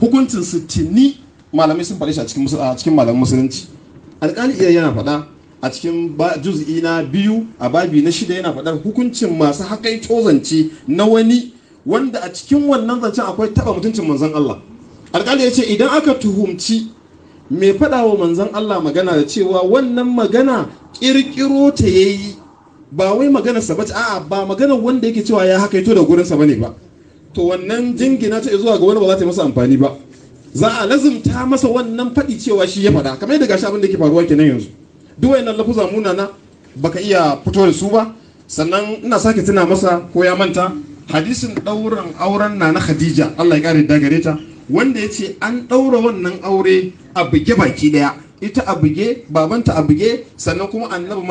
hukuncin su tuni malamai sun faɗi shi a cikin malamin musulunci alƙali iya yana faɗa a cikin juz'i na biyu a babi na shida yana faɗar hukuncin masu haƙai zance na wani wanda a cikin wannan zancen akwai taɓa mutuncin manzon Allah alƙali ya ce idan aka tuhumci mai faɗawa wa manzon Allah magana da cewa wannan magana ƙirƙiro ta yayi ba wai magana sabata a'a ba magana wanda yake cewa ya hakaito da gurinsa bane ba to wannan jingina ta zuwa ga wani ba za ta masa amfani ba za a lazumta masa wannan faɗi cewa shi ya faɗa kamar yadda gashi abin da ke faruwa kenan yanzu duk wayannan lafuza na baka iya fito da su ba sannan ina sake tuna masa ko ya manta hadisin ɗauran auren na na Khadija Allah ya kare da gare ta wanda ya ce an ɗaura wannan aure a buge baki ɗaya ita a buge babanta a buge sannan kuma annabi